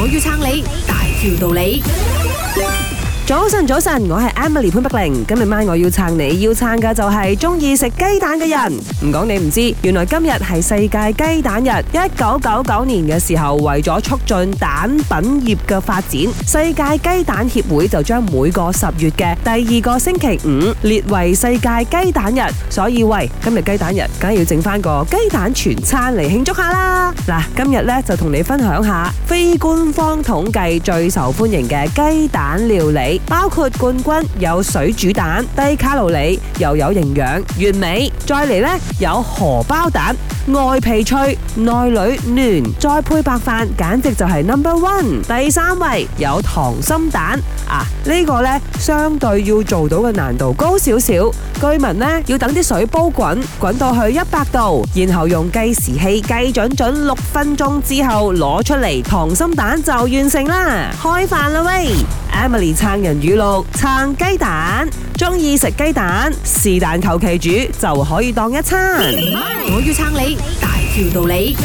我要撐你，大條道理。早晨，早晨，我係 Emily 潘碧玲。今日晚我要撐你，要撐嘅就係鍾意食雞蛋嘅人。唔講你唔知，原來今日係世界雞蛋日。一九九九年嘅時候，為咗促進蛋品業嘅發展，世界雞蛋協會就將每個十月嘅第二個星期五列為世界雞蛋日。所以喂，今日雞蛋日，梗係要整翻個雞蛋全餐嚟慶祝下啦。嗱，今日咧就同你分享下非官方統計最受歡迎嘅雞蛋料理。包括冠軍有水煮蛋，低卡路里又有營養，完美。再嚟，呢，有荷包蛋，外皮脆內裏嫩，再配白飯，簡直就係 number one。第三位有溏心蛋啊，呢個呢，相對要做到嘅難度高少少。居民呢，要等啲水煲滾，滾到去一百度，然後用計時器計準準六分鐘之後攞出嚟，溏心蛋就完成啦，開飯啦喂！Emily 撐人語錄，撐雞蛋，中意食雞蛋，是但求其煮就可以當一餐。Hey. 我要撐你，大條道理。